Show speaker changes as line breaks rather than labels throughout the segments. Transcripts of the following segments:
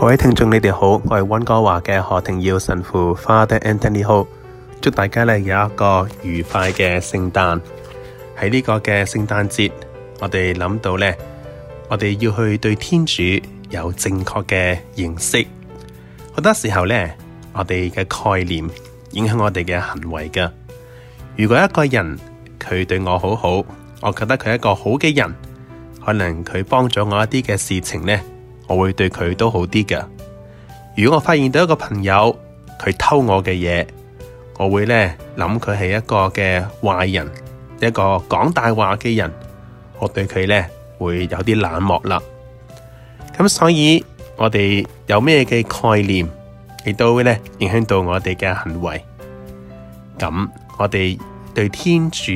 各位聽眾，你哋好，我係溫哥華嘅何廷耀神父 Father Anthony Ho。好，祝大家咧有一個愉快嘅聖誕。喺呢個嘅聖誕節，我哋諗到咧，我哋要去對天主有正確嘅認識。好多時候咧，我哋嘅概念影響我哋嘅行為噶。如果一個人佢對我好好，我覺得佢係一個好嘅人，可能佢幫咗我一啲嘅事情咧。我會對佢都好啲嘅。如果我發現到一個朋友佢偷我嘅嘢，我會咧諗佢係一個嘅壞人，一個講大話嘅人，我對佢咧會有啲冷漠啦。咁所以我哋有咩嘅概念亦都會咧影響到我哋嘅行為。咁我哋對天主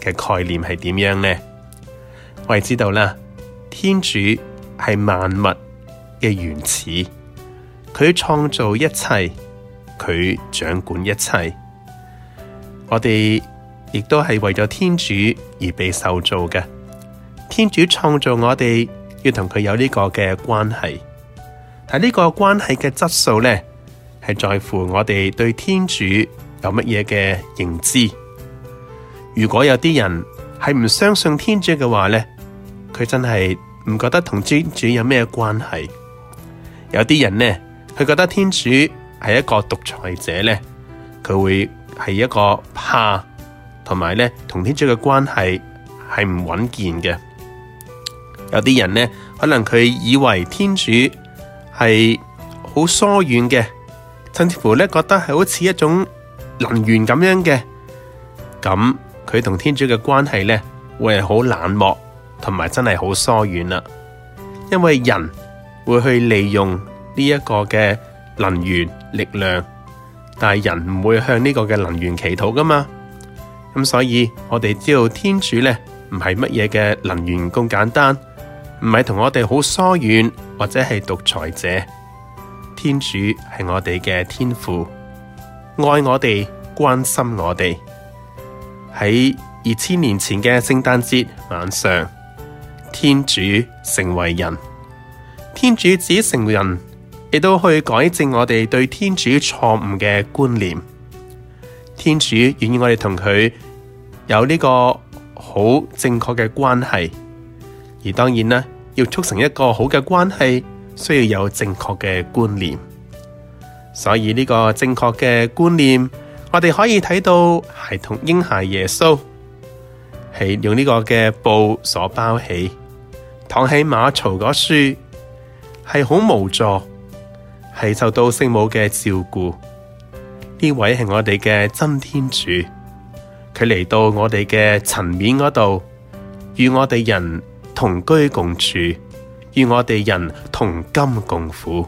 嘅概念係點樣咧？我哋知道啦，天主係萬物嘅原始，佢創造一切，佢掌管一切。我哋亦都係為咗天主而被受造嘅。天主創造我哋，要同佢有呢個嘅關係。但呢個關係嘅質素呢，係在乎我哋對天主有乜嘢嘅認知。如果有啲人係唔相信天主嘅話呢，佢真係唔覺得同天主有咩關係。有啲人呢，佢覺得天主係一個獨裁者呢，佢會係一個怕，同埋呢同天主嘅關係係唔穩健嘅。有啲人呢，可能佢以為天主係好疏遠嘅，甚至乎呢覺得係好似一種能源咁樣嘅，咁佢同天主嘅關係呢，會係好冷漠，同埋真係好疏遠啦，因為人，會去利用呢一個嘅能源力量，但係人唔會向呢個嘅能源祈禱㗎嘛。咁、嗯、所以我哋知道天主呢唔係乜嘢嘅能源咁簡單，唔係同我哋好疏遠或者係獨裁者。天主係我哋嘅天父，愛我哋，關心我哋。喺二千年前嘅聖誕節晚上，天主成為人。天主子成人亦都去改正我哋對天主錯誤嘅觀念。天主願意我哋同佢有呢個好正確嘅關係，而當然啦，要促成一個好嘅關係，需要有正確嘅觀念。所以呢個正確嘅觀念，我哋可以睇到孩童嬰孩耶穌係用呢個嘅布所包起，躺喺馬槽嗰處。係好無助，係受到聖母嘅照顧。呢位係我哋嘅真天主，佢嚟到我哋嘅層面嗰度，與我哋人同居共處，與我哋人同甘共苦。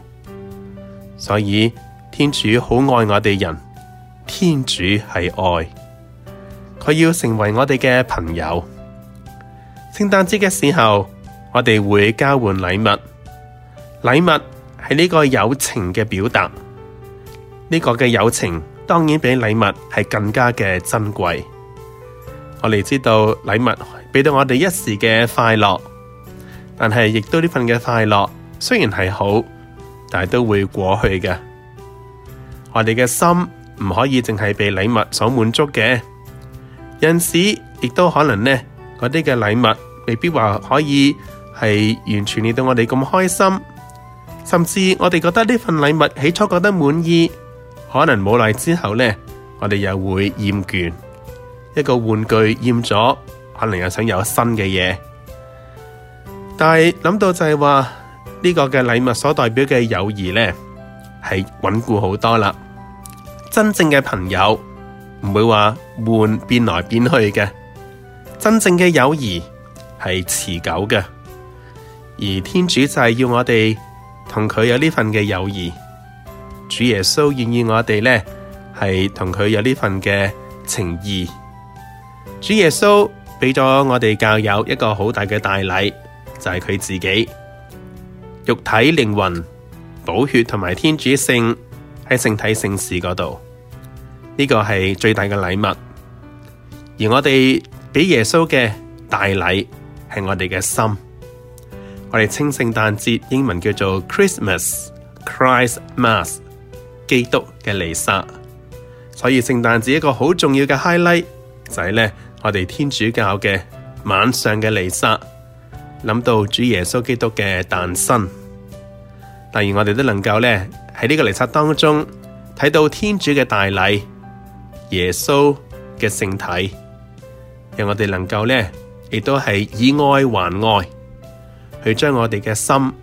所以天主好愛我哋人，天主係愛。佢要成為我哋嘅朋友。聖誕節嘅時候，我哋會交換禮物。禮物係呢個友情嘅表達，呢個嘅友情當然比禮物係更加嘅珍貴。我哋知道禮物俾到我哋一時嘅快樂，但係亦都呢份嘅快樂雖然係好，但係都會過去嘅。我哋嘅心唔可以淨係被禮物所滿足嘅。有時亦都可能呢嗰啲嘅禮物未必話可以係完全令到我哋咁開心。甚至我哋覺得呢份禮物起初覺得滿意，可能冇耐之後呢，我哋又會厭倦一個玩具厭咗，可能又想有新嘅嘢。但係諗到就係話呢個嘅禮物所代表嘅友誼呢，係穩固好多啦。真正嘅朋友唔會話換變來變去嘅，真正嘅友誼係持久嘅。而天主就係要我哋。同佢有呢份嘅友誼，主耶穌願意我哋呢係同佢有呢份嘅情誼。主耶穌畀咗我哋教友一個好大嘅大禮，就係、是、佢自己肉體、靈魂、寶血同埋天主性喺聖體聖事嗰度，呢、這個係最大嘅禮物。而我哋俾耶穌嘅大禮係我哋嘅心。我哋稱聖誕節英文叫做 Christmas，Christmas 基督嘅彌撒，所以聖誕節一個好重要嘅 highlight 就係咧，我哋天主教嘅晚上嘅彌撒，諗到主耶穌基督嘅誕生，當然我哋都能夠咧喺呢在這個彌撒當中睇到天主嘅大禮，耶穌嘅聖體，讓我哋能夠咧亦都係以愛還愛。去將我哋嘅心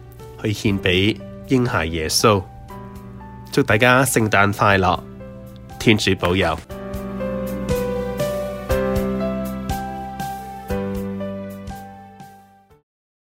去獻畀嬰孩耶穌，祝大家聖誕快樂，天主保佑。